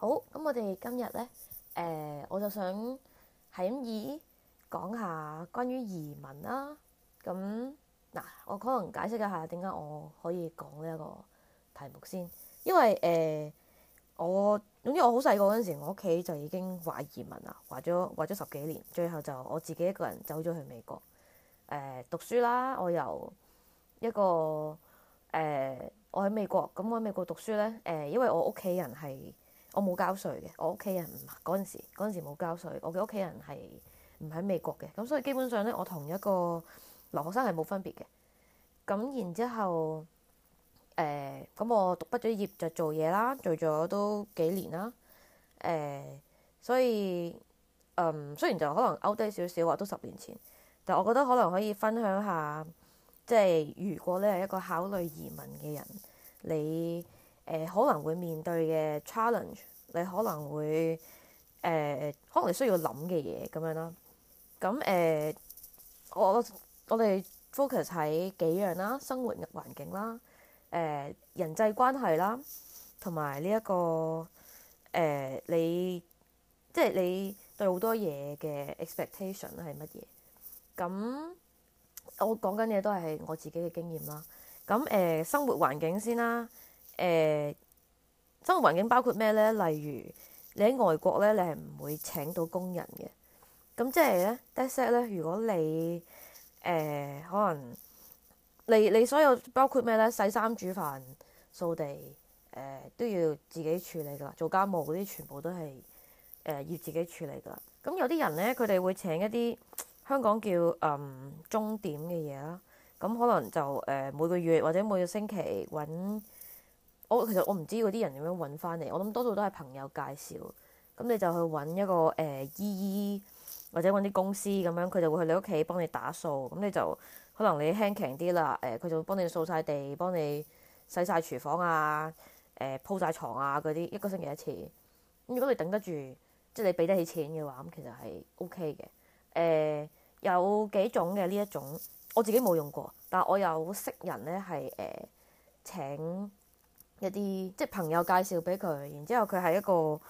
好，咁，我哋今日呢，誒、呃，我就想係咁意講下關於移民啦。咁、嗯、嗱，我可能解釋一下點解我可以講呢一個題目先，因為誒、呃，我總之我好細個嗰陣時，我屋企就已經話移民啦，話咗話咗十幾年，最後就我自己一個人走咗去美國誒、呃、讀書啦。我由一個誒、呃，我喺美國咁我喺美國讀書呢，誒、呃，因為我屋企人係。我冇交稅嘅，我屋企人唔嗰陣時，嗰時冇交稅。我嘅屋企人係唔喺美國嘅，咁所以基本上呢，我同一個留學生係冇分別嘅。咁然之後，誒、呃、咁我讀畢咗業就做嘢啦，做咗都幾年啦。誒、呃，所以嗯、呃，雖然就可能勾低少少話都十年前，但我覺得可能可以分享下，即係如果你係一個考慮移民嘅人，你。誒、呃、可能會面對嘅 challenge，你可能會誒、呃，可能你需要諗嘅嘢咁樣啦。咁誒、呃，我我哋 focus 喺幾樣啦，生活嘅環境啦，誒、呃、人際關係啦，同埋呢一個誒、呃、你即係、就是、你對好多嘢嘅 expectation 係乜嘢？咁我講緊嘢都係我自己嘅經驗啦。咁誒、呃，生活環境先啦。誒、呃、生活環境包括咩咧？例如你喺外國咧，你係唔會請到工人嘅。咁即係咧，desk 咧，如果你誒、呃、可能你你所有包括咩咧？洗衫、煮飯、掃地誒、呃、都要自己處理㗎喇。做家務嗰啲全部都係誒、呃、要自己處理㗎喇。咁有啲人咧，佢哋會請一啲香港叫誒鐘、嗯、點嘅嘢啦。咁可能就誒、呃、每個月或者每個星期揾。我、oh, 其實我唔知嗰啲人點樣揾翻嚟。我諗多數都係朋友介紹咁，你就去揾一個誒姨姨或者揾啲公司咁樣，佢就會去你屋企幫你打掃。咁你就可能你輕強啲啦，誒、呃、佢就會幫你掃晒地，幫你洗晒廚房啊，誒、呃、鋪晒床啊嗰啲，一個星期一次。咁如果你頂得住，即係你俾得起錢嘅話，咁其實係 OK 嘅。誒、呃、有幾種嘅呢一種，我自己冇用過，但我有識人呢係誒、呃、請。一啲即係朋友介紹俾佢，然之後佢係一個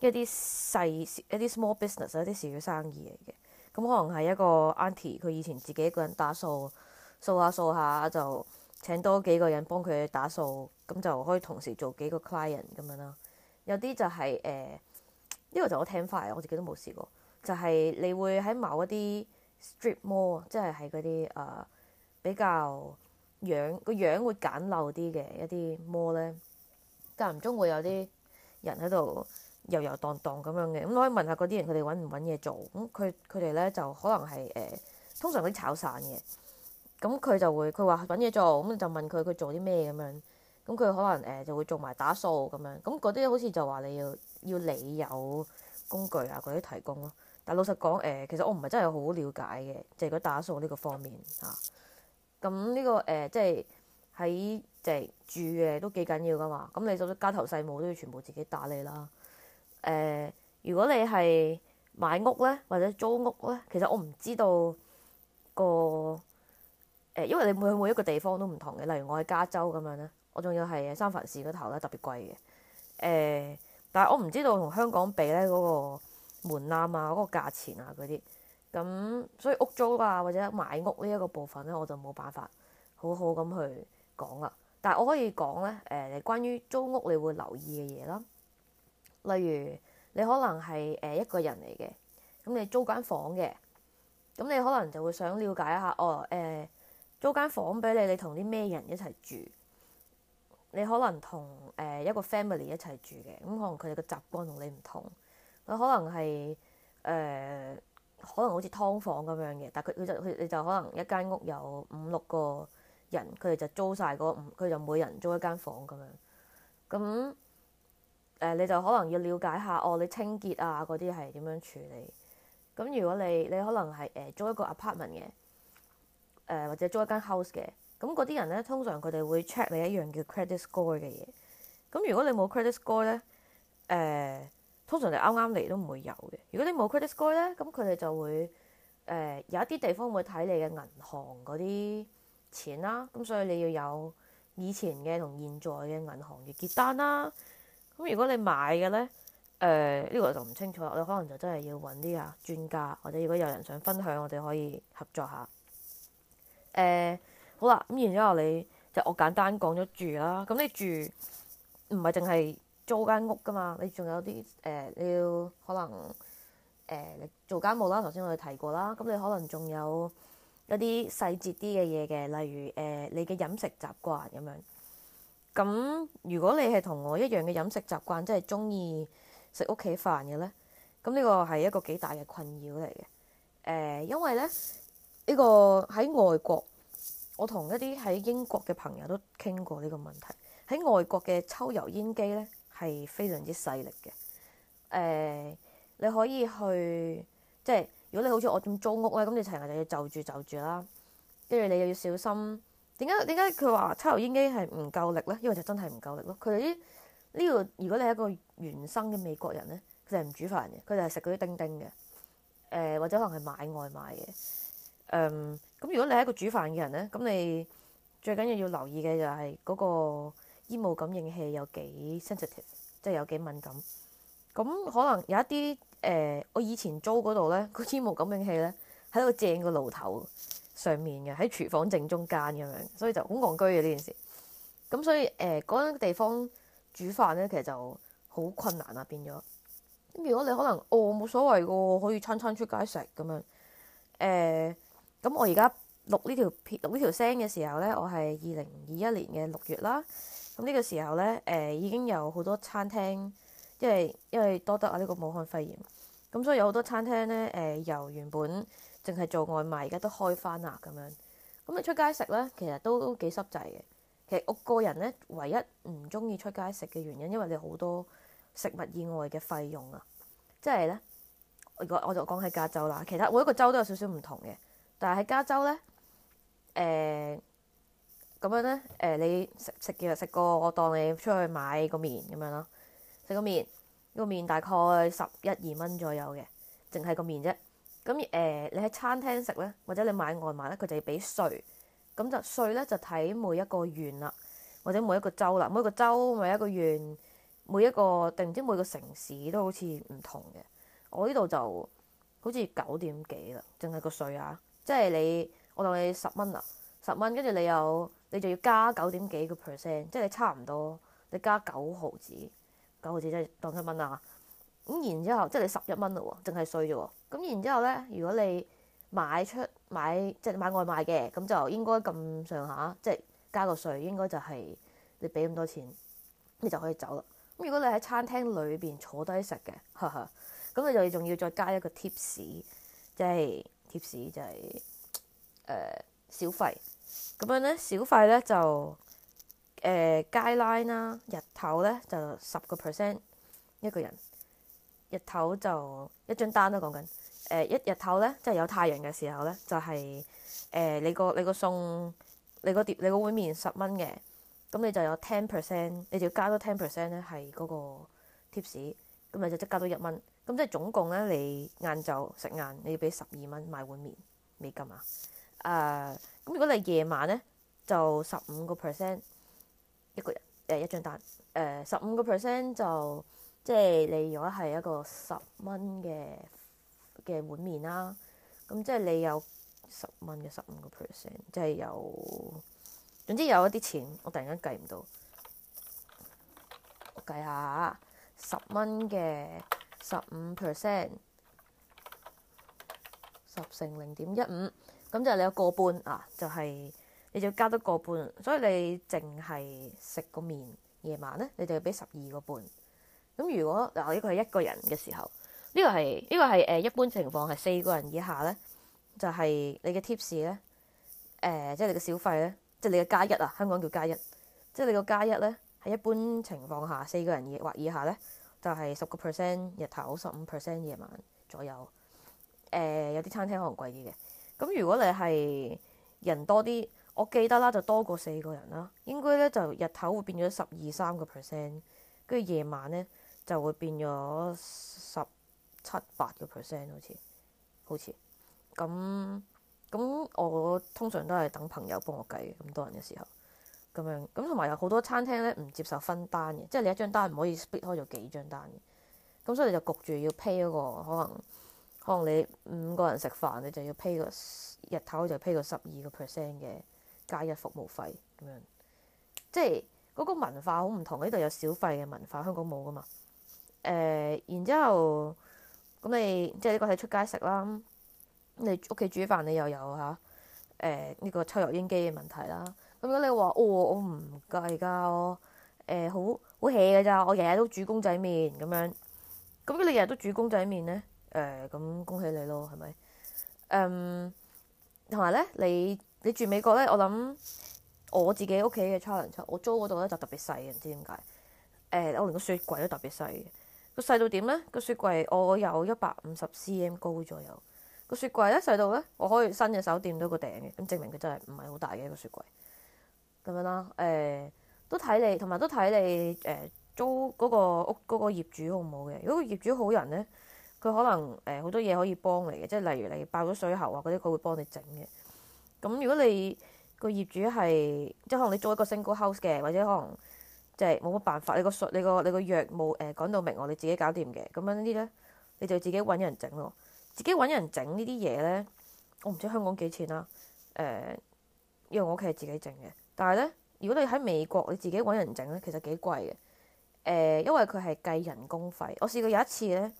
一啲細一啲 small business 一啲小嘅生意嚟嘅。咁、嗯、可能係一個 auntie 佢以前自己一個人打掃，掃下掃下就請多幾個人幫佢打掃，咁就可以同時做幾個 client 咁樣啦。有啲就係、是、誒，呢、呃這個就我聽返，我自己都冇試過，就係、是、你會喺某一啲 strip mall，即係喺嗰啲誒比較。樣個樣會簡陋啲嘅一啲魔咧，間唔中會有啲人喺度游游蕩蕩咁樣嘅咁，我、嗯、可以問下嗰啲人佢哋揾唔揾嘢做咁，佢佢哋咧就可能係誒、呃、通常嗰啲炒散嘅咁佢就會佢話揾嘢做咁、嗯、就問佢佢做啲咩咁樣咁佢、嗯、可能誒、呃、就會做埋打掃咁樣咁，嗰啲好似就話你要要你有工具啊嗰啲提供咯。但老實講誒、呃、其實我唔係真係好了解嘅，就係、是、佢打掃呢個方面嚇。啊咁呢、嗯這個誒、呃，即係喺即係住嘅都幾緊要噶嘛。咁、嗯、你做咗家頭細務都要全部自己打理啦。誒、呃，如果你係買屋咧，或者租屋咧，其實我唔知道個誒、呃，因為你每每一個地方都唔同嘅。例如我喺加州咁樣咧，我仲要係三藩市嗰頭咧，特別貴嘅。誒、呃，但係我唔知道同香港比咧嗰、那個門檻啊，嗰、那個價錢啊嗰啲。咁所以屋租啊，或者買屋呢一個部分咧，我就冇辦法好好咁去講啦。但係我可以講咧、呃，你關於租屋你會留意嘅嘢啦。例如你可能係誒一個人嚟嘅，咁你租間房嘅，咁你可能就會想了解一下哦。誒、呃、租間房俾你，你同啲咩人一齊住？你可能同誒一個 family 一齊住嘅，咁可能佢哋嘅習慣同你唔同，佢可能係誒。呃可能好似劏房咁樣嘅，但佢佢就佢你就可能一間屋有五六個人，佢哋就租晒嗰五，佢就每人租一間房咁樣。咁誒、呃、你就可能要了解下哦，你清潔啊嗰啲係點樣處理？咁如果你你可能係誒、呃、租一個 apartment 嘅，誒、呃、或者租一間 house 嘅，咁嗰啲人呢，通常佢哋會 check 你一樣叫 credit score 嘅嘢。咁如果你冇 credit score 呢？誒、呃。通常你啱啱嚟都唔會有嘅。如果你冇 credit score 咧，咁佢哋就會誒、呃、有一啲地方會睇你嘅銀行嗰啲錢啦。咁所以你要有以前嘅同現在嘅銀行嘅結單啦。咁如果你買嘅呢，誒、呃、呢、這個就唔清楚啦。我哋可能就真係要揾啲啊專家，或者如果有人想分享，我哋可以合作下。誒、呃、好啦，咁然之後你就我簡單講咗住啦。咁你住唔係淨係。租間屋噶嘛，你仲有啲誒、呃，你要可能誒，你、呃、做家務啦。頭先我哋提過啦，咁、嗯、你可能仲有一啲細節啲嘅嘢嘅，例如誒、呃、你嘅飲食習慣咁樣。咁、嗯、如果你係同我一樣嘅飲食習慣，即係中意食屋企飯嘅咧，咁呢個係一個幾大嘅困擾嚟嘅。誒、嗯，因為咧呢、呢個喺外國，我同一啲喺英國嘅朋友都傾過呢個問題。喺外國嘅抽油煙機咧，係非常之細力嘅，誒、呃，你可以去，即係如果你好似我咁租屋咧，咁你成日就要就住就住啦，跟住你又要小心，點解點解佢話抽油煙機係唔夠力咧？因為就真係唔夠力咯。佢哋啲呢個如果你係一個原生嘅美國人咧，佢哋係唔煮飯嘅，佢哋係食嗰啲叮叮嘅，誒、呃、或者可能係買外賣嘅，嗯、呃，咁如果你係一個煮飯嘅人咧，咁你最緊要要留意嘅就係嗰個。煙霧感應器有幾 sensitive，即係有幾敏感咁。可能有一啲誒、呃，我以前租嗰度呢個煙霧感應器呢，喺個正個爐頭上面嘅，喺廚房正中間咁樣，所以就好戇居嘅呢件事。咁所以誒嗰個地方煮飯呢，其實就好困難啊。變咗，如果你可能哦冇所謂喎，可以餐餐出街食咁樣誒。咁、呃、我而家錄呢條片錄呢條聲嘅時候呢，我係二零二一年嘅六月啦。咁呢個時候呢，誒、呃、已經有好多餐廳，因為因為多得啊呢、呢個武漢肺炎，咁所以有好多餐廳呢，誒、呃、由原本淨係做外賣，而家都開翻啦咁樣。咁、嗯、你出街食呢，其實都幾濕滯嘅。其實我個人呢，唯一唔中意出街食嘅原因，因為你好多食物以外嘅費用啊，即係咧，我我就講喺加州啦，其他每一個州都有少少唔同嘅，但係喺加州呢。誒、呃。咁樣呢，誒、呃、你食食藥食過，我當你出去買個麵咁樣咯，食個麵，個麵大概十一二蚊左右嘅，淨係個麵啫。咁誒、呃，你喺餐廳食呢，或者你買外賣呢，佢就要俾稅。咁就稅呢，就睇每一個縣啦，或者每一個州啦，每一個州每一個縣，每一個定唔知每個城市都好似唔同嘅。我呢度就好似九點幾啦，淨係個稅啊，即係你我當你十蚊啦，十蚊跟住你有。你就要加九點幾個 percent，即係你差唔多，你加九毫子，九毫子即係當一蚊啊。咁然之後，即係你十一蚊喎，淨係稅啫喎。咁然之後咧，如果你買出買即係買外賣嘅，咁就應該咁上下，即係加個稅應該就係你俾咁多錢，你就可以走啦。咁如果你喺餐廳裏邊坐低食嘅，咁你就仲要再加一個貼士，即係貼士就係、是、誒、呃、小費。咁樣咧，小費咧就誒、呃、街 line 啦，日頭咧就十個 percent 一個人，日頭就一張單啦。講緊誒，一日頭咧即係有太陽嘅時候咧，就係、是、誒、呃、你個你個餸你個碟你個碗麵十蚊嘅，咁你，你就有 ten percent，你就要加多 ten percent 咧係嗰個 tips，咁咪就即加多一蚊，咁即係總共咧你晏晝食晏你要俾十二蚊買碗麵美金啊。誒咁，uh, 如果你夜晚咧，就十五個 percent 一個人誒一張單誒，十五個 percent 就即係你如果係一個十蚊嘅嘅碗麵啦，咁即係你有十蚊嘅十五個 percent，即係有總之有一啲錢，我突然間計唔到，我計下十蚊嘅十五 percent，十乘零點一五。咁就係你有個半啊，就係、是、你就要加多個半，所以你淨係食個麵夜晚咧，你就要俾十二個半。咁如果嗱呢個係一個人嘅時候，呢個係呢個係誒一般情況係四個人以下咧，就係你嘅 tips 咧，誒即係你嘅小費咧，即係你嘅加一啊，香港叫加一，即係你個加一咧，喺一般情況下四個人或以下咧，就係十個 percent 日頭，十五 percent 夜晚左右。誒、呃、有啲餐廳可能貴啲嘅。咁如果你係人多啲，我記得啦就多過四個人啦，應該咧就日頭會變咗十二三個 percent，跟住夜晚咧就會變咗十七八個 percent 好似，好似，咁咁、嗯嗯、我通常都係等朋友幫我計咁多人嘅時候，咁樣，咁同埋有好多餐廳咧唔接受分單嘅，即係你一張單唔可以 split 開咗幾張單嘅，咁所以你就焗住要 pay 嗰、那個可能。可能你五個人食飯，你就要 pay 個日頭就 pay 個十二個 percent 嘅加一服務費咁樣，即係嗰、那個文化好唔同。呢度有小費嘅文化，香港冇噶嘛。誒、呃，然之後咁你即係呢個係出街食啦，你屋企煮飯你又有嚇誒呢個抽油煙機嘅問題啦。咁如果你話哦，我唔計㗎，我、呃、好好 hea 咋，我日日都煮公仔麵咁樣，咁你日日都煮公仔麵呢？誒咁恭喜你咯，係咪、嗯？誒，同埋咧，你你住美國咧，我諗我自己屋企嘅 challenge 就我租嗰度咧就特別細嘅，唔知點解誒，我連個雪櫃都特別細嘅，個細到點咧？個雪櫃我有一百五十 cm 高左右，個雪櫃咧細到咧，我可以伸隻手掂到個頂嘅，咁證明佢真係唔係好大嘅一個雪櫃咁樣啦。誒、呃，都睇你，同埋都睇你誒、呃、租嗰、嗰個屋嗰、嗰個業主好唔好嘅。如果個業主好人咧～佢可能誒好、呃、多嘢可以幫你嘅，即係例如你爆咗水喉啊嗰啲，佢會幫你整嘅。咁如果你個業主係即係可能你租一個 single house 嘅，或者可能即係冇乜辦法，你個你個你個藥冇誒、呃、講到明，我你自己搞掂嘅咁樣呢啲呢，你就自己揾人整咯。自己揾人整呢啲嘢呢，我唔知香港幾錢啦、啊。誒、呃，因為我屋企係自己整嘅，但係呢，如果你喺美國你自己揾人整呢，其實幾貴嘅。誒、呃，因為佢係計人工費。我試過有一次呢。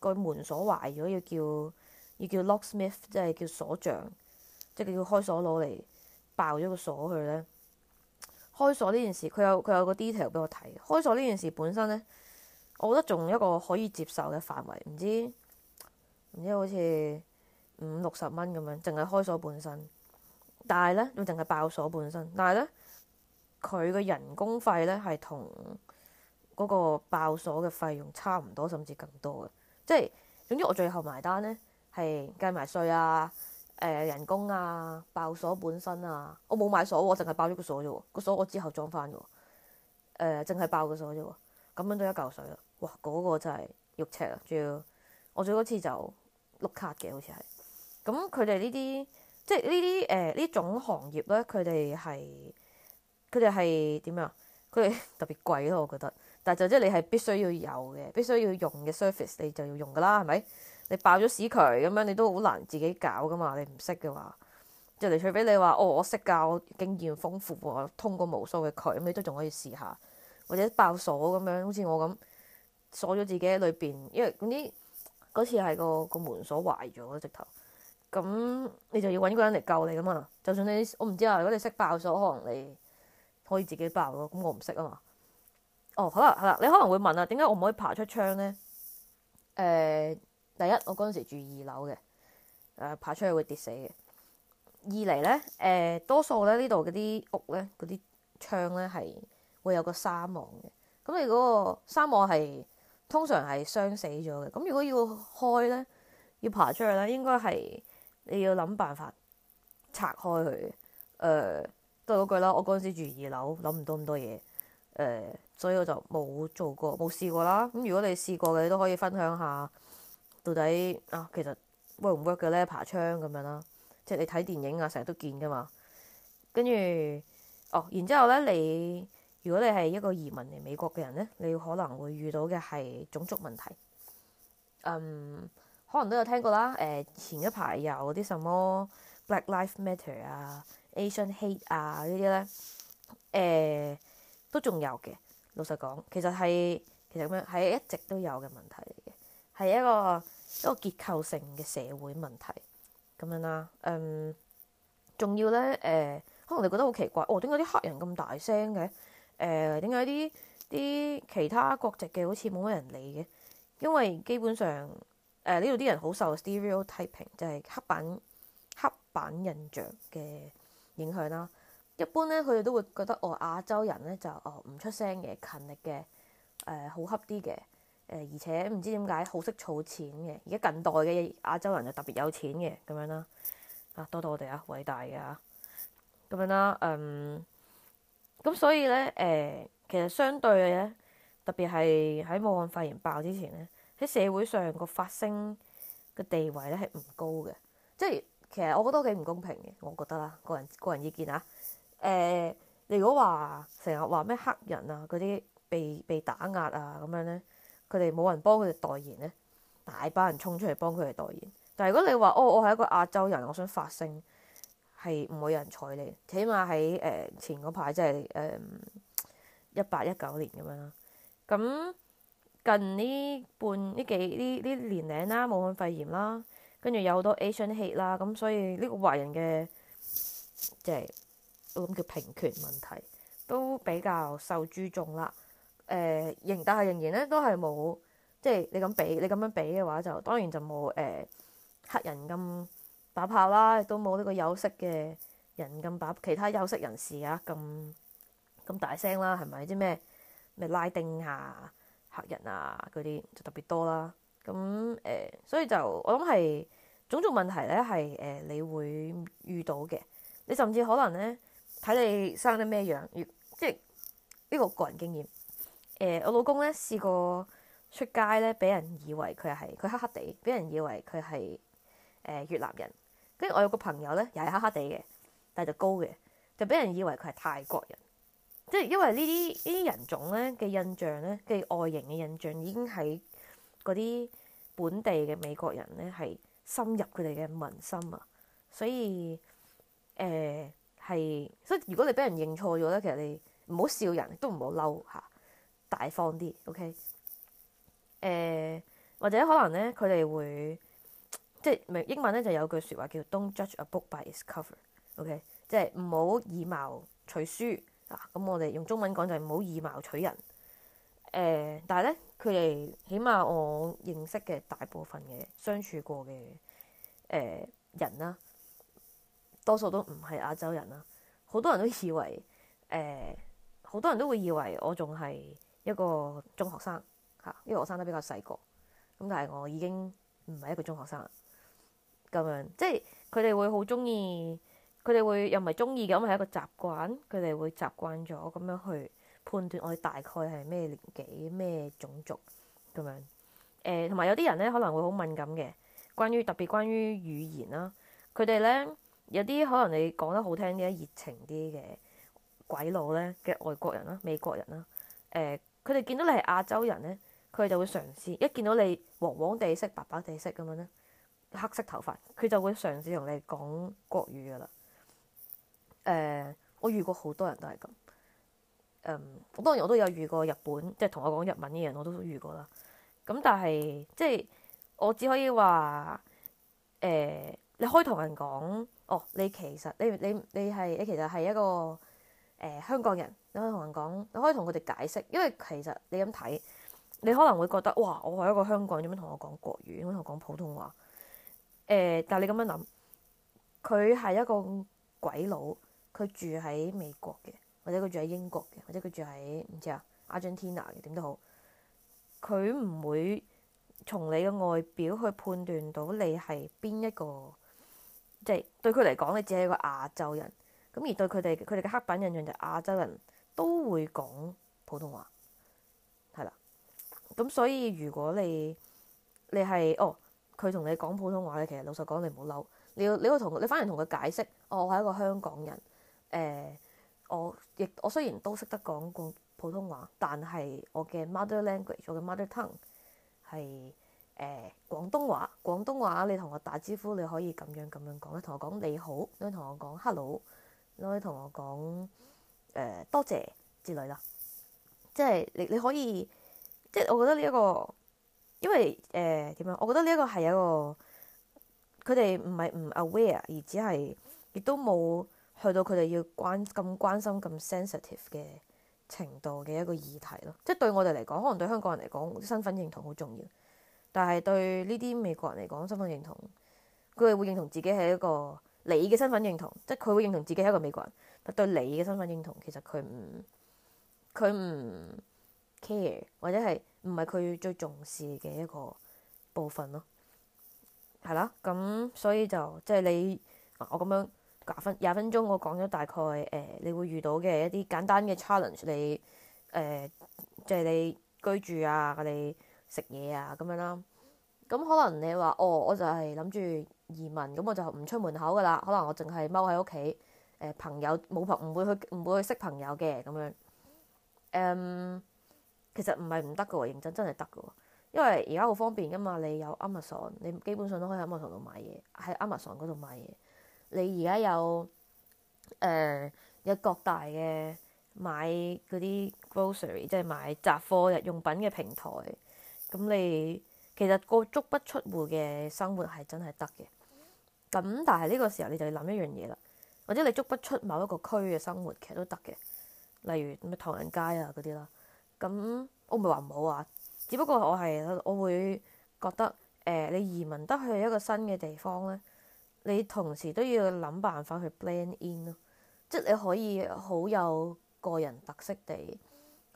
個門鎖壞咗，要叫要叫 locksmith，即係叫鎖匠，即係叫開鎖攞嚟爆咗個鎖佢。呢開鎖呢件事，佢有佢有個 detail 俾我睇。開鎖呢件事本身呢，我覺得仲有一個可以接受嘅範圍，唔知唔知好似五六十蚊咁樣，淨係開鎖本身，但係呢，都淨係爆鎖本身，但係呢，佢嘅人工費呢，係同嗰個爆鎖嘅費用差唔多，甚至更多嘅。即係總之，我最後埋單呢係計埋稅啊、誒、呃、人工啊、爆鎖本身啊，我冇買鎖喎，淨係爆咗個鎖啫喎，個鎖我之後裝翻嘅喎，誒淨係爆個鎖啫喎，咁樣都一嚿水啦，哇嗰個真係肉赤啊，仲要我最嗰次就碌卡嘅，好似係，咁佢哋呢啲即係呢啲誒呢種行業呢，佢哋係佢哋係點啊？佢哋 特別貴咯、啊，我覺得。但就即係你係必須要有嘅，必須要用嘅 surface 你就要用㗎啦，係咪？你爆咗屎渠咁樣，你都好難自己搞㗎嘛。你唔識嘅話，入嚟除非你話哦，我識㗎，我經驗豐富喎，通過無數嘅渠，咁你都仲可以試下，或者爆鎖咁樣，好似我咁鎖咗自己喺裏邊，因為嗰啲嗰次係個個門鎖壞咗直頭，咁你就要揾個人嚟救你㗎嘛。就算你我唔知啊，如果你識爆鎖，可能你可以自己爆咯。咁我唔識啊嘛。哦，好啦，係啦，你可能會問啊，點解我唔可以爬出窗咧？誒、呃，第一，我嗰陣時住二樓嘅，誒、呃，爬出去會跌死嘅。二嚟咧，誒、呃，多數咧呢度嗰啲屋咧，嗰啲窗咧係會有個沙網嘅。咁你嗰個沙網係通常係傷死咗嘅。咁如果要開咧，要爬出去咧，應該係你要諗辦法拆開佢。誒、呃，都係嗰句啦，我嗰陣時住二樓，諗唔到咁多嘢。誒、呃。所以我就冇做過冇試過啦。咁如果你試過嘅，你都可以分享下到底啊。其實 work 唔 work 嘅咧爬窗咁樣啦，即係你睇電影啊，成日都見噶嘛。跟住哦，然之後咧，你如果你係一個移民嚟美國嘅人咧，你可能會遇到嘅係種族問題。嗯，可能都有聽過啦。誒、呃，前一排有啲什麼 Black Lives Matter 啊、Asian Hate 啊呢啲咧，誒、呃、都仲有嘅。老實講，其實係其實咁樣，係一直都有嘅問題嚟嘅，係一個一個結構性嘅社會問題咁樣啦、啊。嗯，仲要咧，誒、呃，可能你覺得好奇怪，哦，點解啲黑人咁大聲嘅？誒、呃，點解啲啲其他國籍嘅好似冇乜人理嘅？因為基本上，誒呢度啲人好受 stereotyping 就係刻板刻板印象嘅影響啦。一般咧，佢哋都會覺得，哦，亞洲人咧就哦唔出聲嘅勤力嘅，誒好恰啲嘅誒，而且唔知點解好識儲錢嘅。而家近代嘅亞洲人就特別有錢嘅咁樣啦。啊，多多我哋啊，偉大嘅嚇咁樣啦。嗯，咁所以咧誒、呃，其實相對咧，特別係喺武漢肺炎爆之前咧，喺社會上個發聲個地位咧係唔高嘅，即係其實我覺得幾唔公平嘅。我覺得啦，個人個人意見嚇。誒，你、呃、如果話成日話咩黑人啊，嗰啲被被打壓啊，咁樣呢，佢哋冇人幫佢哋代言呢，大班人衝出嚟幫佢哋代言。但係如果你話哦，我係一個亞洲人，我想發聲，係唔會有人睬你。起碼喺誒、呃、前嗰排即係誒一八一九年咁樣啦。咁近呢半呢幾呢呢年齡啦，武漢肺炎啦，跟住有好多 Asian Hate 啦，咁所以呢個華人嘅即係。就是我諗叫平權問題都比較受注重啦。誒、呃，仍但係仍然咧，都係冇即係你咁比你咁樣比嘅話就，就當然就冇誒、呃、黑人咁把炮啦，亦都冇呢個有色嘅人咁把，其他有色人士啊咁咁大聲啦，係咪啲咩咩拉丁啊黑人啊嗰啲就特別多啦。咁誒、呃，所以就我諗係種族問題咧，係誒、呃、你會遇到嘅。你甚至可能咧。睇你生得咩樣，越即係呢個個人經驗。誒、呃，我老公咧試過出街咧，俾人以為佢係佢黑黑地，俾人以為佢係誒越南人。跟住我有個朋友咧，又係黑黑地嘅，但係就高嘅，就俾人以為佢係泰國人。即係因為呢啲呢啲人種咧嘅印象咧嘅外形嘅印象已經喺嗰啲本地嘅美國人咧係深入佢哋嘅民心啊，所以誒、呃係，所以如果你俾人認錯咗咧，其實你唔好笑人，都唔好嬲吓，大方啲，OK？誒、呃，或者可能咧，佢哋會即係英文咧就有句説話叫 Don't judge a book by its cover，OK？Okay？即係唔好以貌取書啊！咁、嗯、我哋用中文講就係唔好以貌取人。誒、啊，但係咧，佢哋起碼我認識嘅大部分嘅相處過嘅誒、呃、人啦、啊。多數都唔係亞洲人啦，好多人都以為誒，好多人都會以為我仲係一個中學生嚇，因為我生得比較細個咁，但係我已經唔係一個中學生啦。咁樣即係佢哋會好中意，佢哋會又唔係中意嘅，咁係一個習慣。佢哋會習慣咗咁樣去判斷我哋大概係咩年紀、咩種族咁樣誒，同埋有啲人咧可能會好敏感嘅，關於特別關於語言啦，佢哋咧，有啲可能你講得好聽啲、熱情啲嘅鬼佬呢，嘅外國人啦、美國人啦，呃、佢哋見到你係亞洲人呢，佢哋就會嘗試一見到你黃黃地色、白白地色咁樣呢，黑色頭髮，佢就會嘗試同你講國語噶啦。誒、呃，我遇過好多人都係咁。嗯、呃，當然我都有遇過日本，即係同我講日文嘅人我都遇過啦。咁但係即係我只可以話誒。呃你可以同人講，哦，你其實你你你係你其實係一個誒、呃、香港人，你可以同人講，你可以同佢哋解釋，因為其實你咁睇，你可能會覺得，哇，我係一個香港人，點樣同我講國語，點樣同我講普通話？誒、呃，但你咁樣諗，佢係一個鬼佬，佢住喺美國嘅，或者佢住喺英國嘅，或者佢住喺唔知啊阿根廷啊嘅，點都好，佢唔會從你嘅外表去判斷到你係邊一個。即係對佢嚟講，你只係一個亞洲人，咁而對佢哋，佢哋嘅刻板印象就係亞洲人都會講普通話，係啦。咁所以如果你你係哦，佢同你講普通話咧，其實老實講，你唔好嬲，你要你要同你反而同佢解釋，哦，我係一個香港人，誒、呃，我亦我雖然都識得講共普通話，但係我嘅 mother language，我嘅 mother tongue 係。誒、呃、廣東話，廣東話，你同我打招呼，你可以咁樣咁樣講，你同我講你好，可以同我講 hello，我、呃、你，你可以同我講誒多謝之類啦。即係你你可以即係我覺得呢、這、一個，因為誒點、呃、樣，我覺得呢一個係一個佢哋唔係唔 aware，而只係亦都冇去到佢哋要關咁關心咁 sensitive 嘅程度嘅一個議題咯。即係對我哋嚟講，可能對香港人嚟講，身份認同好重要。但係對呢啲美國人嚟講，身份認同，佢係會認同自己係一個你嘅身份認同，即係佢會認同自己係一個美國人，但對你嘅身份認同，其實佢唔佢唔 care，或者係唔係佢最重視嘅一個部分咯？係啦，咁所以就即係、就是、你我咁樣廿分廿分鐘，我講咗大概誒、呃，你會遇到嘅一啲簡單嘅 challenge，你誒即係你居住啊，你。食嘢啊，咁樣啦。咁、嗯、可能你話哦，我就係諗住移民咁，我就唔出門口㗎喇。可能我淨係踎喺屋企，誒，朋友冇朋唔會去唔會去識朋友嘅咁樣。誒、嗯，其實唔係唔得㗎喎，認真真係得㗎喎，因為而家好方便㗎嘛。你有 Amazon，你基本上都可以喺網上度買嘢，喺 Amazon 嗰度買嘢。你而家有誒、呃、有各大嘅買嗰啲 grocery，即係買雜貨、日用品嘅平台。咁你其實個足不出戶嘅生活係真係得嘅，咁但係呢個時候你就要諗一樣嘢啦，或者你足不出某一個區嘅生活其實都得嘅，例如咩唐人街啊嗰啲啦，咁我唔係話唔好啊，只不過我係我會覺得誒、呃，你移民得去一個新嘅地方咧，你同時都要諗辦法去 blend in 咯，即係你可以好有個人特色地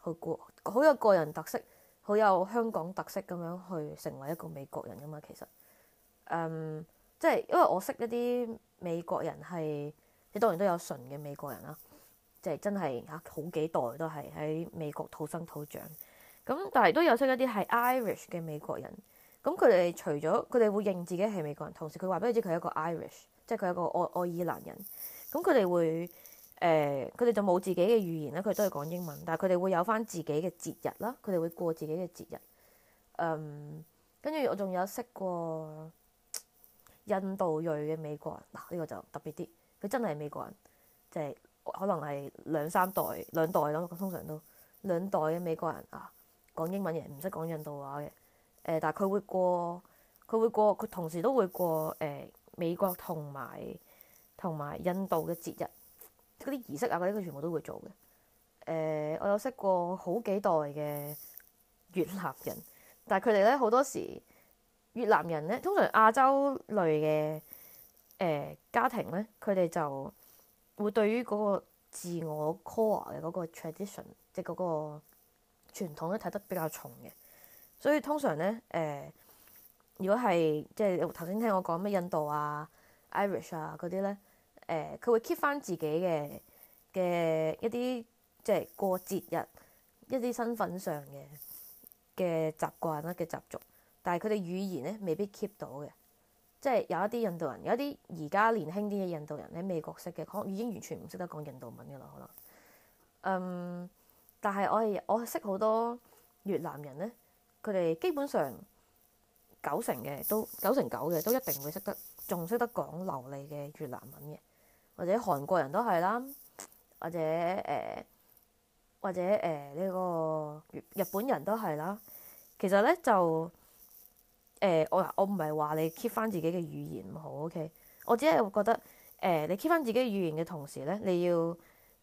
去過，好有個人特色。好有香港特色咁樣去成為一個美國人噶嘛，其實，嗯，即係因為我識一啲美國人係，你係當然都有純嘅美國人啦，即係真係嚇好幾代都係喺美國土生土長，咁但係都有識一啲係 Irish 嘅美國人，咁佢哋除咗佢哋會認自己係美國人，同時佢話俾你知佢係一個 Irish，即係佢係一個愛愛爾蘭人，咁佢哋會。誒，佢哋就冇自己嘅語言咧，佢哋都係講英文。但係佢哋會有翻自己嘅節日啦，佢哋會過自己嘅節日。嗯，跟住我仲有識過印度裔嘅美國人嗱，呢個就特別啲。佢真係美國人，即係可能係兩三代兩代咯。通常都兩代嘅美國人啊，講英文嘅唔識講印度話嘅。誒，但係佢會過佢會過佢同時都會過誒美國同埋同埋印度嘅節日。嗰啲儀式啊，嗰啲佢全部都會做嘅。誒、呃，我有識過好幾代嘅越南人，但係佢哋咧好多時越南人咧，通常亞洲類嘅誒、呃、家庭咧，佢哋就會對於嗰個自我 core 嘅嗰個 tradition，即係嗰個傳統咧睇得比較重嘅。所以通常咧誒、呃，如果係即係頭先聽我講咩印度啊、Irish 啊嗰啲咧。誒，佢、呃、會 keep 返自己嘅嘅一啲，即係過節日一啲身份上嘅嘅習慣啊嘅習俗，但係佢哋語言咧未必 keep 到嘅，即係有一啲印度人，有一啲而家年輕啲嘅印度人喺美國識嘅，可能已經完全唔識得講印度文噶啦。可能嗯，但係我係我識好多越南人咧，佢哋基本上九成嘅都九成九嘅都一定會識得，仲識得講流利嘅越南文嘅。或者韓國人都係啦，或者誒、呃，或者誒呢、呃這個日本人都係啦。其實咧就誒、呃，我我唔係話你 keep 翻自己嘅語言唔好，O K。Okay? 我只係覺得誒、呃，你 keep 翻自己語言嘅同時咧，你要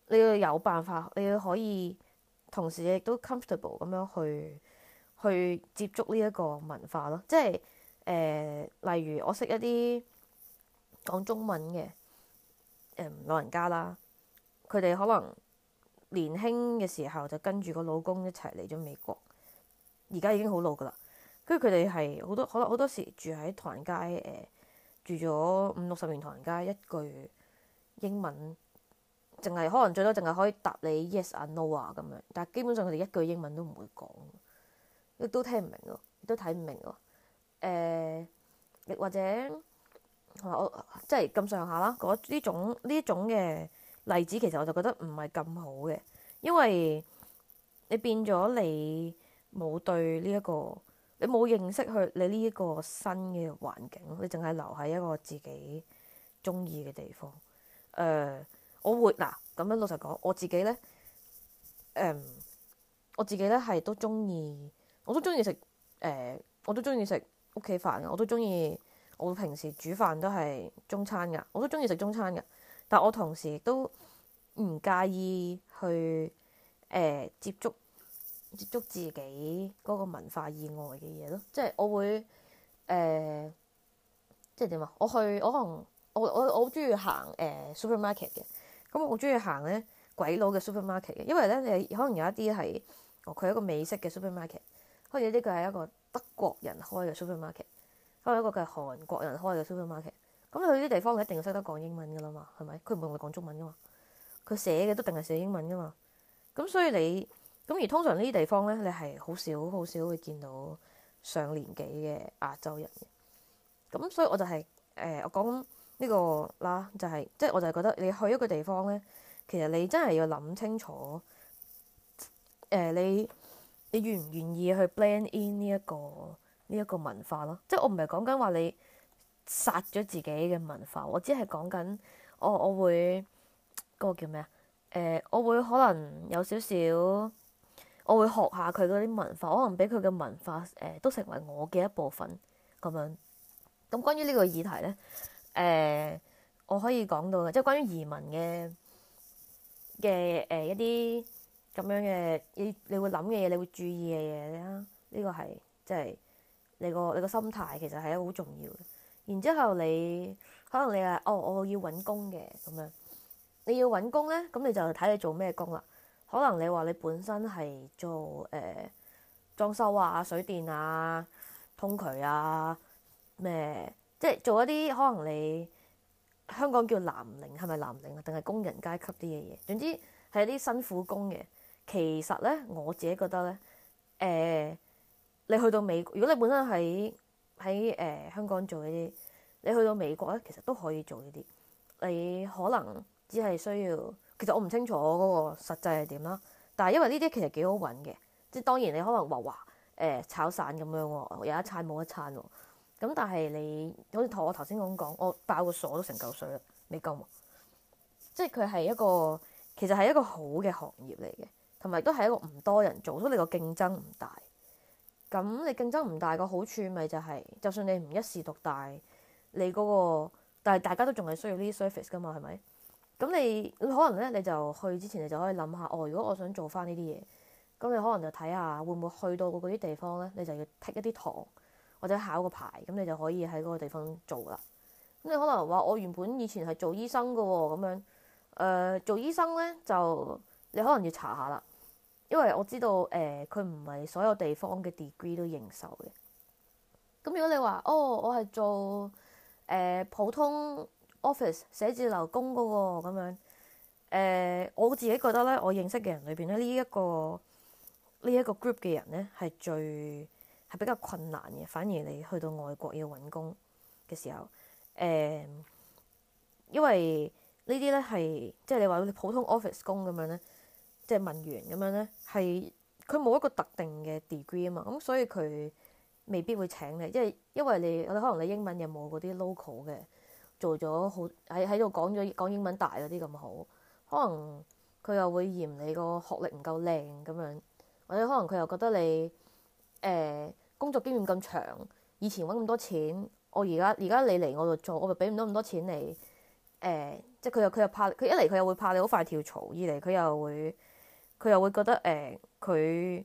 你要有辦法，你要可以同時亦都 comfortable 咁樣去去接觸呢一個文化咯。即係誒、呃，例如我識一啲講中文嘅。誒、嗯，老人家啦，佢哋可能年輕嘅時候就跟住個老公一齊嚟咗美國，而家已經好老噶啦。跟住佢哋係好多可能好多時住喺唐人街，誒、呃，住咗五六十年唐人街，一句英文淨係可能最多淨係可以答你 yes 啊 no 啊咁樣，但係基本上佢哋一句英文都唔會講，亦都聽唔明咯，亦都睇唔明咯，誒、呃，或者。即係咁上下啦，呢種呢種嘅例子，其實我就覺得唔係咁好嘅，因為你變咗你冇對呢一個，你冇認識佢，你呢一個新嘅環境，你淨係留喺一個自己中意嘅地方。誒，我會嗱咁樣老實講，我自己呢，誒，我自己呢係都中意，我都中意食誒，我都中意食屋企飯嘅，我都中意。我平時煮飯都係中餐㗎，我都中意食中餐㗎。但我同時都唔介意去誒、呃、接觸接觸自己嗰個文化以外嘅嘢咯。即係我會誒、呃，即係點啊？我去我可能我我我好中意行誒 supermarket 嘅。咁、呃嗯、我好中意行咧鬼佬嘅 supermarket 嘅，因為咧你可能有一啲係哦，佢係一個美式嘅 supermarket，可以呢，啲佢係一個德國人開嘅 supermarket。佢有一個佢係韓國人開嘅 Supermarket，咁去啲地方你一定要識得講英文㗎喇嘛，係咪？佢唔會用嚟講中文㗎嘛，佢寫嘅都定係寫英文㗎嘛。咁所以你咁而通常呢啲地方咧，你係好少好少會見到上年紀嘅亞洲人嘅。咁所以我就係、是、誒、呃，我講呢、這個啦，就係即係我就覺得你去一個地方咧，其實你真係要諗清楚，誒、呃、你你願唔願意去 blend in 呢、這、一個？呢一個文化咯，即係我唔係講緊話你殺咗自己嘅文化，我只係講緊我我會嗰個叫咩啊？誒，我會可能有少少，我會學下佢嗰啲文化，可能俾佢嘅文化誒都成為我嘅一部分咁樣。咁關於呢個議題咧，誒我可以講到嘅，即係關於移民嘅嘅誒一啲咁樣嘅你你會諗嘅嘢，你會注意嘅嘢啦。呢個係即係。你個你個心態其實係一個好重要嘅，然之後你可能你係哦，我要揾工嘅咁樣，你要揾工咧，咁你就睇你做咩工啦。可能你話你本身係做誒、呃、裝修啊、水電啊、通渠啊咩，即係做一啲可能你香港叫藍領，係咪藍領啊？定係工人階級啲嘅嘢，總之係一啲辛苦工嘅。其實咧，我自己覺得咧，誒、呃。你去到美國，如果你本身喺喺誒香港做呢啲，你去到美國咧，其實都可以做呢啲。你可能只係需要，其實我唔清楚嗰個實際係點啦。但係因為呢啲其實幾好揾嘅，即係當然你可能話話誒炒散咁樣喎，有一餐冇一餐喎。咁但係你好似同我頭先講講，我爆個鎖都成嚿水啦，美金。即係佢係一個其實係一個好嘅行業嚟嘅，同埋都係一個唔多人做，所以你個競爭唔大。咁你競爭唔大個好處咪就係、係，就算你唔一時獨大，你嗰、嗰個但係大家都仲係需要呢啲 service 㗎嘛，係咪？咁你可能呢，你就去之前你就可以諗下，哦，如果我想做翻呢啲嘢，咁你可能就睇下會唔會去到嗰啲地方呢，你就要剔一啲堂，或者考個牌，咁你就可以喺嗰個地方做啦。咁你可能話我原本以前係做醫生嘅喎，咁樣，誒、呃、做醫生呢，就你可能要查下啦。因為我知道誒，佢唔係所有地方嘅 degree 都認受嘅。咁如果你話哦，我係做誒、呃、普通 office 寫字樓工嗰、嗰個咁樣，誒、呃、我自己覺得咧，我認識嘅人裏邊咧，呢、呢、一個呢一、呢個 group 嘅人咧係最係比較困難嘅。反而你去到外國要揾工嘅時候，誒、呃，因為呢啲咧係即係你話普通 office 工咁樣咧。即係文員咁樣呢，係佢冇一個特定嘅 degree 啊嘛，咁所以佢未必會請你，因為因為你我哋可能你英文有冇嗰啲 local 嘅做咗好喺喺度講咗講英文大嗰啲咁好，可能佢又會嫌你個學歷唔夠靚咁樣，或者可能佢又覺得你誒、呃、工作經驗咁長，以前揾咁多錢，我而家而家你嚟我度做，我咪俾唔到咁多錢你誒、呃，即係佢又佢又怕佢一嚟佢又會怕你好快跳槽，二嚟佢又會。佢又會覺得誒，佢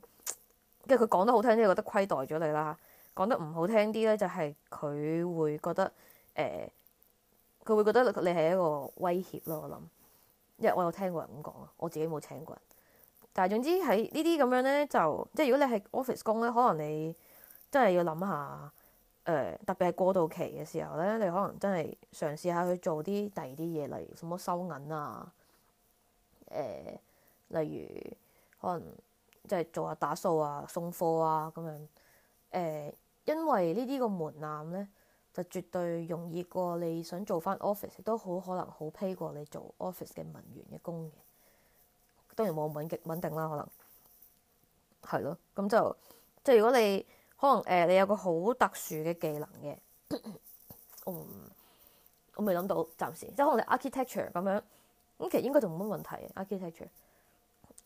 即係佢講得好聽啲，覺得虧待咗你啦；講得唔好聽啲咧，就係、是、佢會覺得誒，佢、呃、會覺得你係一個威脅咯。我諗，因為我有聽過人咁講，我自己冇請過人。但係總之喺呢啲咁樣咧，就即係如果你係 office 工咧，可能你真係要諗下誒、呃，特別係過渡期嘅時候咧，你可能真係嘗試下去做啲第二啲嘢，例如什麼收銀啊，誒、呃。例如可能即係做下打掃啊、送貨啊咁樣。誒、呃，因為呢啲個門檻咧，就絕對容易過你想做返 office，亦都好可能好 pay 過你做 office 嘅文員嘅工嘅。當然冇咁極穩定啦，可能係咯。咁的、嗯、就即係如果你可能誒、呃，你有個好特殊嘅技能嘅、嗯，我我未諗到，暫時即係可能你 architecture 咁樣咁，其實應該就冇乜問題嘅 architecture。Arch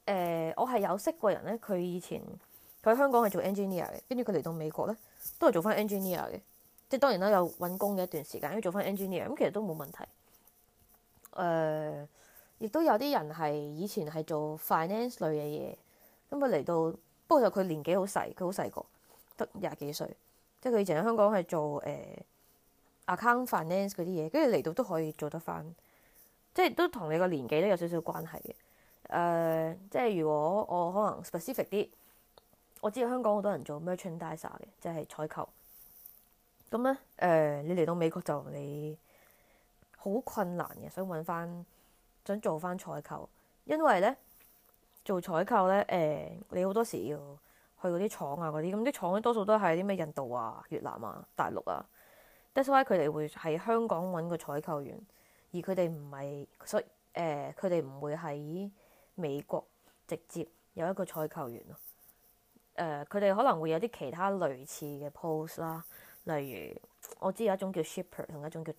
誒、呃，我係有識過人咧，佢以前佢喺香港係做 engineer 嘅，跟住佢嚟到美國咧，都係做翻 engineer 嘅，即係當然啦，有揾工嘅一段時間，跟住做翻 engineer 咁，其實都冇問題。誒、呃，亦都有啲人係以前係做 finance 類嘅嘢，咁佢嚟到，不過就佢年紀好細，佢好細個，得廿幾歲，即係佢以前喺香港係做誒 account finance 嗰啲嘢，跟住嚟到都可以做得翻，即係都同你個年紀都有少少關係嘅。誒，uh, 即係如果我可能 specific 啲，我知道香港好多人做 merchandiser 嘅，即係採購。咁咧，誒、uh，你嚟到美國就你好困難嘅，想揾翻想做翻採購，因為咧做採購咧，誒、uh，你好多時要去嗰啲廠啊，嗰啲，咁啲廠咧多數都係啲咩印度啊、越南啊、大陸啊。That's why 佢哋會喺香港揾個採購員，而佢哋唔係，所以，誒，佢哋唔會喺。美國直接有一個賽球員咯。誒、呃，佢哋可能會有啲其他類似嘅 post 啦，例如我知有一種叫 shipper，同一種叫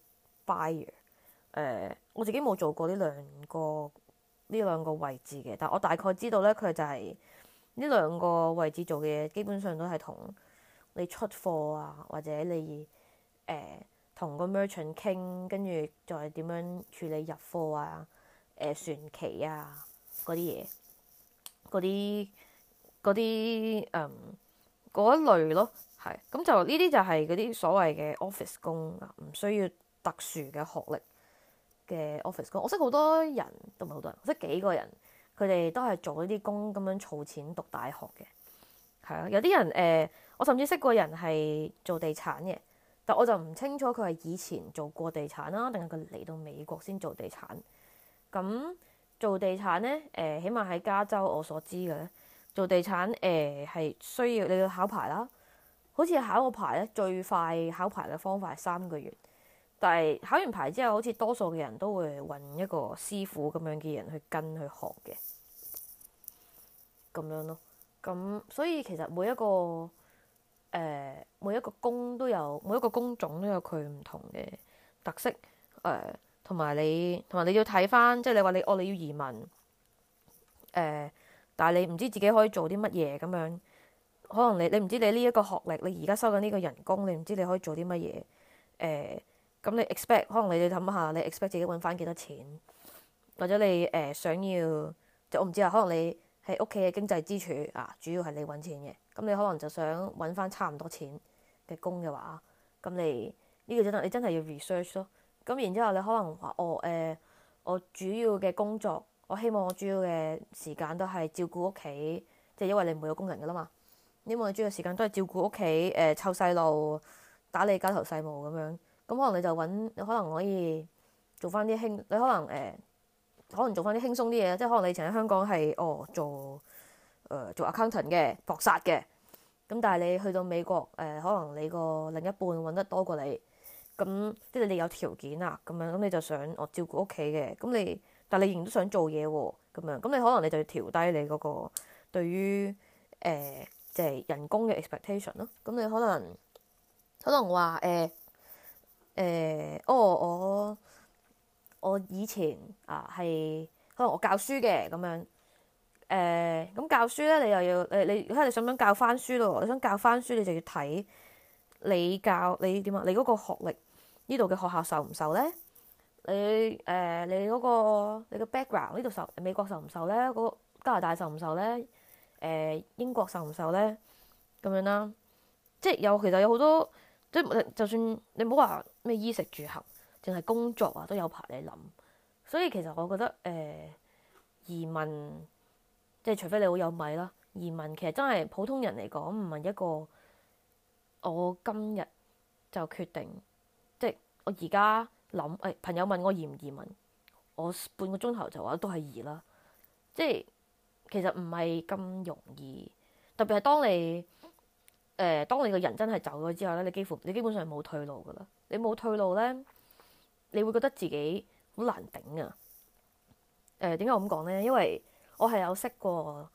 buyer、呃。誒，我自己冇做過呢兩個呢兩個位置嘅，但我大概知道呢，佢就係呢兩個位置做嘅嘢，基本上都係同你出貨啊，或者你誒同個 merchant 傾，跟住再點樣處理入貨啊、誒、呃、船期啊。嗰啲嘢，嗰啲嗰啲誒，嗰、嗯、一類咯，係，咁就呢啲就係嗰啲所謂嘅 office 工啊，唔需要特殊嘅學歷嘅 office 工。我識好多人都唔係好多人，我識幾個人，佢哋都係做呢啲工咁樣儲錢讀大學嘅。係啊，有啲人誒、呃，我甚至識個人係做地產嘅，但我就唔清楚佢係以前做過地產啦，定係佢嚟到美國先做地產咁。做地產呢，誒、呃，起碼喺加州我所知嘅咧，做地產誒係、呃、需要你要考牌啦。好似考個牌咧，最快考牌嘅方法係三個月。但係考完牌之後，好似多數嘅人都會揾一個師傅咁樣嘅人去跟去學嘅，咁樣咯。咁所以其實每一個誒、呃、每一個工都有每一個工種都有佢唔同嘅特色誒。呃同埋你，同埋你要睇翻，即係你話你哦，你要移民，誒、呃，但係你唔知自己可以做啲乜嘢咁樣，可能你你唔知你呢一個學歷，你而家收緊呢個人工，你唔知你可以做啲乜嘢，誒、呃，咁你 expect，可能你哋諗下，你 expect 自己搵翻幾多錢，或者你誒、呃、想要，即係我唔知啊，可能你喺屋企嘅經濟支柱啊，主要係你搵錢嘅，咁你可能就想搵翻差唔多錢嘅工嘅話，咁你呢、這個真係你真係要 research 咯。咁然之後，你可能話：哦，誒、呃，我主要嘅工作，我希望我主要嘅時間都係照顧屋企，即係因為你唔會有工人㗎喇嘛。希望你主要時間都係照顧屋企，誒、呃，湊細路、打理家頭細務咁樣。咁、嗯、可能你就揾，你可能可以做翻啲輕，你可能誒、呃，可能做翻啲輕鬆啲嘢。即係可能你以前喺香港係，哦，做誒、呃、做 accountant 嘅，搏殺嘅。咁但係你去到美國，誒、呃，可能你個另一半揾得多過你。咁即係你有條件啊，咁樣咁你就想我照顧屋企嘅，咁你但你仍然都想做嘢喎、啊，咁樣咁你可能你就要調低你嗰個對於即係、呃即係、人工嘅 expectation 咯。咁你可能可能話誒誒，哦我我以前啊係可能我教書嘅咁樣誒，咁、呃、教書咧你又要你你睇下你，你想唔想教翻書咯？你想教翻書，你就要睇你教你點啊？你嗰個學歷，呢度嘅學校受唔受呢？你誒、呃，你嗰、嗰個你嘅 background 呢度受美國受唔受呢？嗰、嗰個、加拿大受唔受呢？誒、呃、英國受唔受呢？咁樣啦，即係有其實有好多即係就算你唔好話咩衣食住行，淨係工作啊都有排你諗。所以其實我覺得誒、呃、移民即係除非你好有米啦，移民其實真係普通人嚟講唔係一個我今日就決定。我而家諗，誒、哎、朋友問我移唔移民，我半個鐘頭就話都係移啦。即係其實唔係咁容易，特別係當你誒、呃、當你個人真係走咗之後咧，你幾乎你基本上冇退路噶啦。你冇退路咧，你會覺得自己好難頂啊。誒點解我咁講咧？因為我係有識過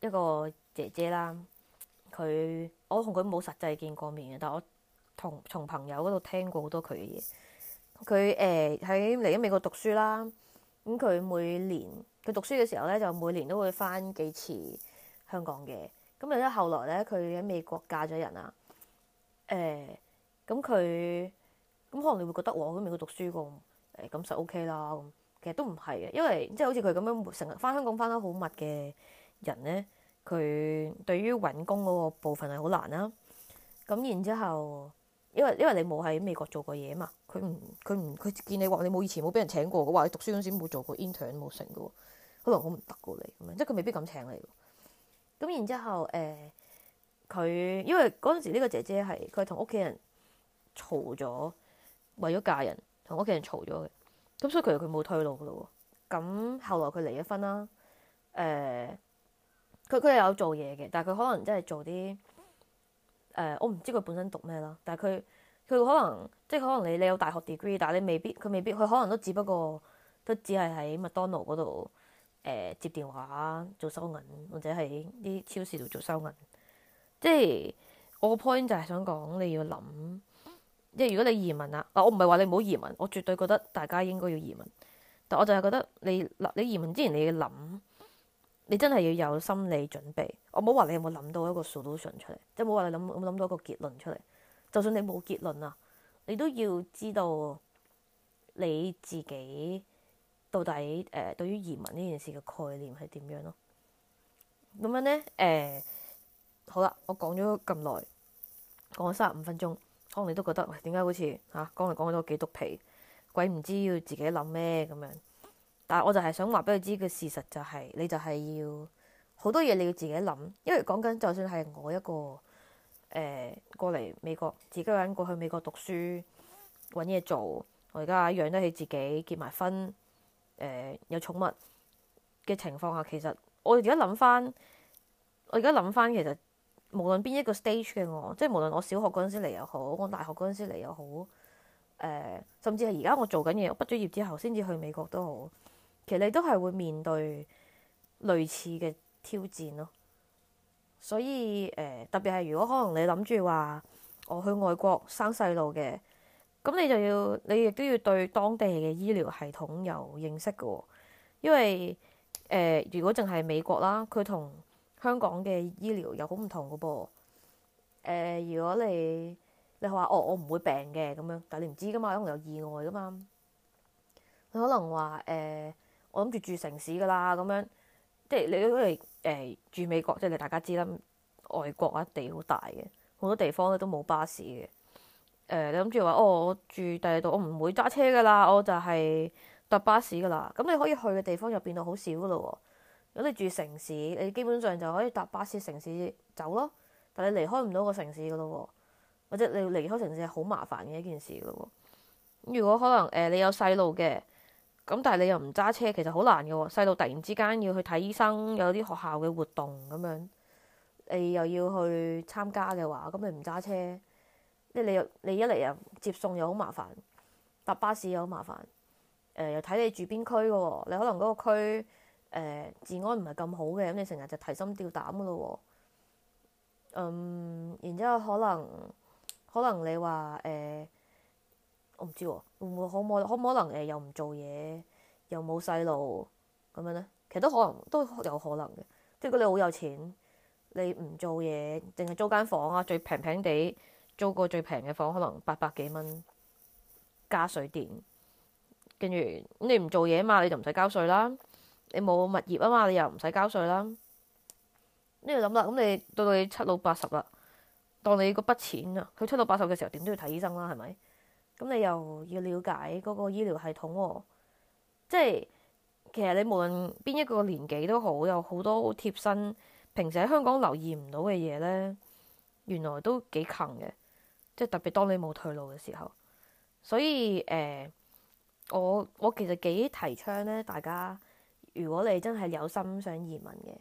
一個姐姐啦，佢我同佢冇實際見過面嘅，但係我。同從朋友嗰度聽過好多佢嘅嘢。佢誒喺嚟緊美國書、嗯、讀書啦，咁佢每年佢讀書嘅時候咧，就每年都會翻幾次香港嘅。咁有咗後來咧，佢喺美國嫁咗人啦。誒、嗯，咁佢咁可能你會覺得我、哦、喺美國讀書嘅，誒咁就 O K 啦。其實都唔係嘅，因為即係好似佢咁樣成日翻香港翻得好密嘅人咧，佢對於揾工嗰個部分係好難啦。咁、嗯嗯、然之後。因為因為你冇喺美國做過嘢嘛，佢唔佢唔佢見你話你冇以前冇俾人請過，話你讀書嗰陣時冇做過 intern 冇成嘅，可能好唔得嘅你，咁樣即係佢未必敢請你。咁然之後誒，佢、呃、因為嗰陣時呢個姐姐係佢係同屋企人嘈咗，為咗嫁人同屋企人嘈咗嘅，咁所以其實佢佢冇退路嘅咯。咁後來佢離咗婚啦，誒、呃，佢佢又有做嘢嘅，但係佢可能真係做啲。誒、呃，我唔知佢本身讀咩啦，但係佢佢可能即係可能你你有大學 degree，但係你未必，佢未必，佢可能都只不過都只係喺麥當勞嗰度誒接電話做收銀，或者喺啲超市度做收銀。即係我個 point 就係想講你要諗，即係如果你移民啦，嗱我唔係話你唔好移民，我絕對覺得大家應該要移民，但我就係覺得你你移民之前你要諗。你真係要有心理準備，我冇話你有冇諗到一個 solution 出嚟，即係冇話你諗冇諗到一個結論出嚟。就算你冇結論啊，你都要知道你自己到底誒、呃、對於移民呢件事嘅概念係點樣咯。咁樣呢？誒、呃，好啦，我講咗咁耐，講咗三十五分鐘，可能你都覺得喂，點解好似嚇講嚟講去都幾督皮，鬼唔知要自己諗咩咁樣。但係我就係想話俾佢知嘅事實就係、是，你就係要好多嘢你要自己諗，因為講緊就算係我一個誒、呃、過嚟美國，自己一個人過去美國讀書揾嘢做，我而家養得起自己，結埋婚、呃，有寵物嘅情況下，其實我而家諗翻，我而家諗翻其實無論邊一個 stage 嘅我，即係無論我小學嗰陣時嚟又好，我大學嗰陣時嚟又好、呃，甚至係而家我做緊嘢，我畢咗業之後先至去美國都好。其實你都係會面對類似嘅挑戰咯，所以誒、呃、特別係如果可能你諗住話我去外國生細路嘅，咁你就要你亦都要對當地嘅醫療系統有認識㗎喎，因為誒、呃、如果淨係美國啦，佢同香港嘅醫療又好唔同㗎噃。誒、呃、如果你你話哦，我唔會病嘅咁樣，但係你唔知㗎嘛，可能有意外㗎嘛，你可能話誒。呃我諗住住城市噶啦，咁樣即係你如果係誒住美國，即係你大家知啦，外國啊地好大嘅，好多地方咧都冇巴士嘅。誒、呃，你諗住話哦，我住第二度，我唔會揸車噶啦，我就係搭巴士噶啦。咁你可以去嘅地方就變到好少噶咯。如果你住城市，你基本上就可以搭巴士城市走咯。但係你離開唔到個城市噶咯，或者你離開城市係好麻煩嘅一件事咯。如果可能誒、呃，你有細路嘅。咁但係你又唔揸車，其實好難嘅喎。細路突然之間要去睇醫生，有啲學校嘅活動咁樣，你又要去參加嘅話，咁你唔揸車，即係你又你一嚟又接送又好麻煩，搭巴士又好麻煩。誒、呃，又睇你住邊區嘅，你可能嗰個區誒、呃、治安唔係咁好嘅，咁你成日就提心吊膽嘅咯。嗯，然之後可能可能你話誒。呃我唔知喎，可唔可可唔可能誒又唔做嘢，又冇細路咁樣呢？其實都可能都有可能嘅，即係如果你好有錢，你唔做嘢，淨係租間房啊，最平平地租個最平嘅房，可能八百幾蚊加水電，跟住你唔做嘢啊嘛，你就唔使交稅啦，你冇物業啊嘛，你又唔使交稅啦。呢度諗啦，咁你到你七老八十啦，當你嗰筆錢啊，佢七老八十嘅時候點都要睇醫生啦，係咪？咁你又要了解嗰個醫療系統喎、哦，即係其實你無論邊一個年紀都好，有好多好貼身，平時喺香港留意唔到嘅嘢咧，原來都幾近嘅，即係特別當你冇退路嘅時候。所以誒、呃，我我其實幾提倡咧，大家如果你真係有心想移民嘅，誒、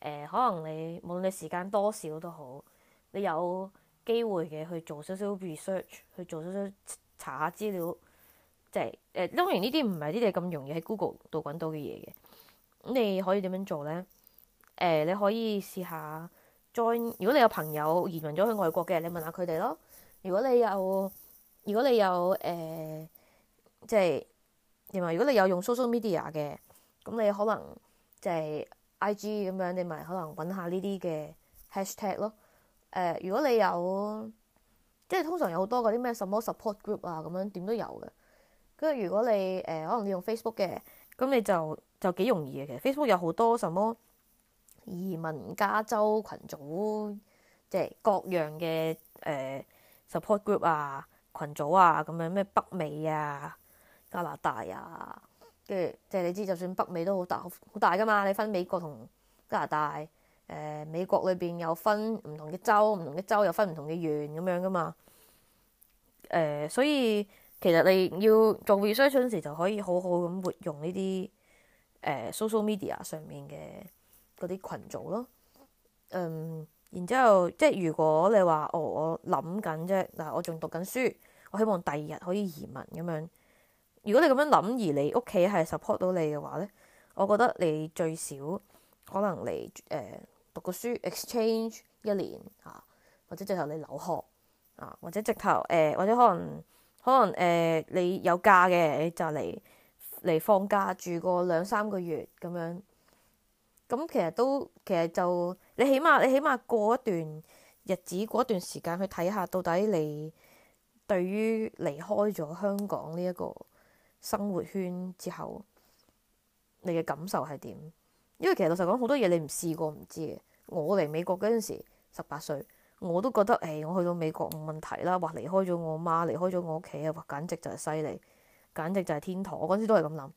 呃、可能你無論你時間多少都好，你有機會嘅去做少少 research，去做少少。查下資料，即係誒，當然呢啲唔係啲你咁容易喺 Google 度揾到嘅嘢嘅。咁你可以點樣做咧？誒，你可以、呃、你可以試下 join。如果你有朋友移民咗去外國嘅，你問下佢哋咯。如果你有，如果你有誒，即、呃、係，因、就、為、是、如果你有用 social media 嘅，咁你可能即係 IG 咁樣，你咪可能揾下呢啲嘅 hashtag 咯。誒、呃，如果你有。即係通常有好多嗰啲咩什麼 support group 啊，咁樣點都有嘅。跟住如果你誒、呃、可能你用 Facebook 嘅，咁你就就幾容易嘅。其實 Facebook 有好多什麼移民加州群組，即係各樣嘅誒、呃、support group 啊、群組、啊，咁樣咩北美啊、加拿大啊。跟住即係你知，就算北美都好大好大噶嘛，你分美國同加拿大。誒、呃、美國裏邊有分唔同嘅州，唔同嘅州有分唔同嘅縣咁樣噶嘛。誒、呃，所以其實你要做 research 嗰陣時就可以好好咁活用呢啲 social media 上面嘅嗰啲群組咯。嗯，然之後即係如果你話哦，我諗緊啫嗱，我仲讀緊書，我希望第二日可以移民咁樣。如果你咁樣諗而你屋企係 support 到你嘅話呢，我覺得你最少可能你。誒、呃。讀個書，exchange 一年嚇、啊，或者直頭你留學啊，或者直頭誒、呃，或者可能可能誒、呃，你有假嘅你就嚟嚟放假住個兩三個月咁樣，咁、嗯、其實都其實就你起碼你起碼過一段日子，過一段時間去睇下到底你對於離開咗香港呢一個生活圈之後，你嘅感受係點？因為其實老實講，好多嘢你唔試過唔知嘅。我嚟美國嗰陣時，十八歲，我都覺得，誒、欸，我去到美國冇問題啦。哇，離開咗我媽，離開咗我屋企啊，哇，簡直就係犀利，簡直就係天堂。我嗰時都係咁諗，誒、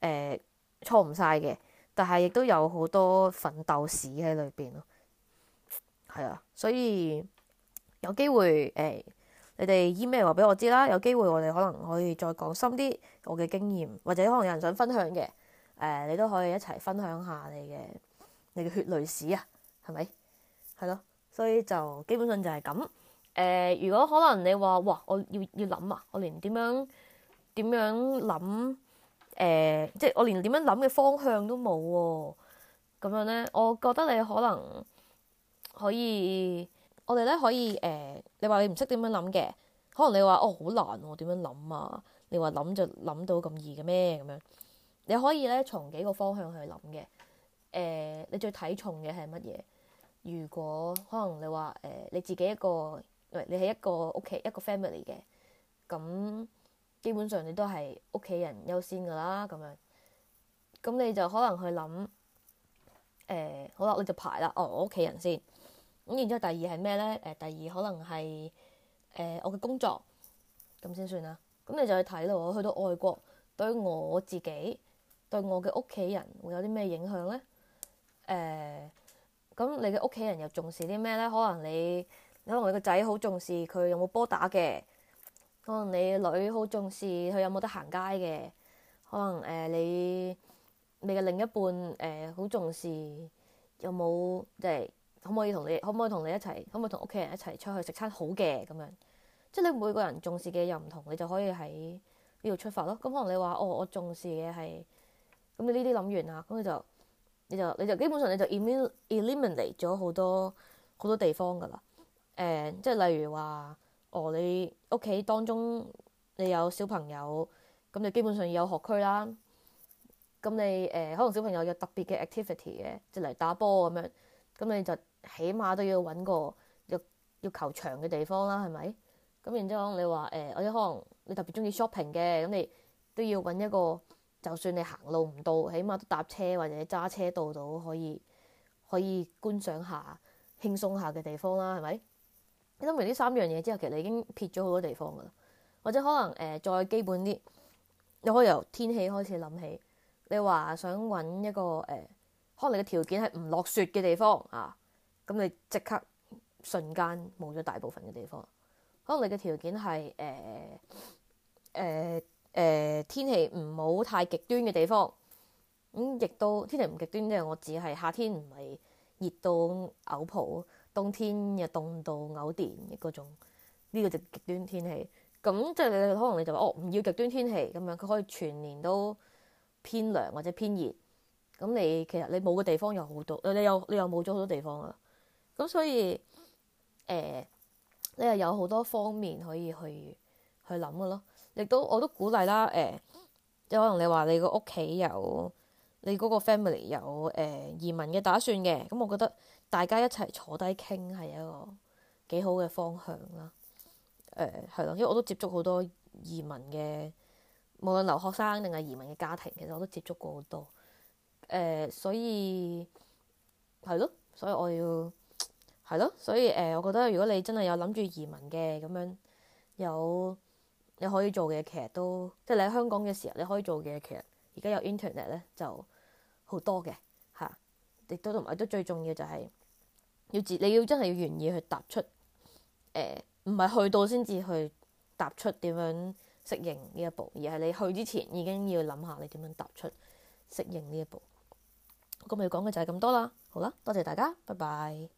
欸，錯唔晒嘅。但係亦都有好多奮鬥史喺裏邊咯。係啊，所以有機會，誒、欸，你哋 email 話俾我知啦。有機會我哋可能可以再講深啲我嘅經驗，或者可能有人想分享嘅。誒，你都可以一齊分享下你嘅你嘅血淚史啊，係咪？係咯，所以就基本上就係咁。誒，如果可能你話哇，我要要諗啊，我連點樣點樣諗？誒，即係我連點樣諗嘅方向都冇喎。咁樣咧，我覺得你可能可以，我哋咧可以誒。你話你唔識點樣諗嘅，可能你話哦好難喎，點樣諗啊？你話諗就諗到咁易嘅咩？咁樣。你可以咧從幾個方向去諗嘅，誒、呃，你最睇重嘅係乜嘢？如果可能你話誒、呃、你自己一個，呃、你係一個屋企一個 family 嘅，咁基本上你都係屋企人優先噶啦，咁樣，咁你就可能去諗，誒、呃，好啦，你就排啦，哦，我屋企人先，咁然之後第二係咩咧？誒、呃，第二可能係誒、呃、我嘅工作，咁先算啦。咁你就去睇咯，去到外國對於我自己，對我嘅屋企人會有啲咩影響呢？誒、呃，咁你嘅屋企人又重視啲咩呢？可能你，你可能你個仔好重視佢有冇波打嘅，可能你女好重視佢有冇得行街嘅，可能誒、呃、你你嘅另一半誒好、呃、重視有冇，即係可唔可以同你可唔可以同你一齊，可唔可以同屋企人一齊出去食餐好嘅咁樣，即係你每個人重視嘅又唔同，你就可以喺呢度出發咯。咁、嗯、可能你話哦，我重視嘅係。咁你呢啲諗完啊，咁你就你就你就基本上你就 eliminate 咗好多好多地方噶啦。誒、呃，即係例如話，哦，你屋企當中你有小朋友，咁你基本上有學區啦。咁你誒、呃、可能小朋友有特別嘅 activity 嘅，即嚟打波咁樣，咁你就起碼都要揾個要要球場嘅地方啦，係咪？咁然之後你話誒、呃，或者可能你特別中意 shopping 嘅，咁你都要揾一個。就算你行路唔到，起碼都搭車或者揸車到到可以可以觀賞下、輕鬆下嘅地方啦，係咪？諗完呢三樣嘢之後，其實你已經撇咗好多地方㗎啦。或者可能誒、呃、再基本啲，你可以由天氣開始諗起。你話想揾一個誒、呃，可能你嘅條件係唔落雪嘅地方啊，咁你即刻瞬間冇咗大部分嘅地方。可能你嘅條件係誒、呃天氣唔好太極端嘅地方，咁亦都天氣唔極端即係我只係夏天唔係熱到嘔泡，冬天又凍到嘔電嘅嗰種，呢個就極端天氣。咁即係你可能你就話哦唔要極端天氣咁樣，佢可以全年都偏涼或者偏熱。咁你其實你冇嘅地方又好多，你又你又冇咗好多地方啊。咁所以誒、呃，你又有好多方面可以去去諗嘅咯。亦都我都鼓勵啦，誒、呃，即可能你話你個屋企有你嗰個 family 有誒、呃、移民嘅打算嘅，咁、嗯、我覺得大家一齊坐低傾係一個幾好嘅方向啦，誒係咯，因為我都接觸好多移民嘅，無論留學生定係移民嘅家庭，其實我都接觸過好多，誒、呃、所以係咯，所以我要係咯，所以誒、呃，我覺得如果你真係有諗住移民嘅咁樣有。你可以做嘅其實都即係你喺香港嘅時候，你可以做嘅其實而家有 internet 咧就好多嘅嚇，亦、啊、都同埋都最重要就係要自你要真係要願意去踏出誒，唔、呃、係去到先至去踏出點樣適應呢一步，而係你去之前已經要諗下你點樣踏出適應呢一步。咁你講嘅就係咁多啦，好啦，多謝大家，拜拜。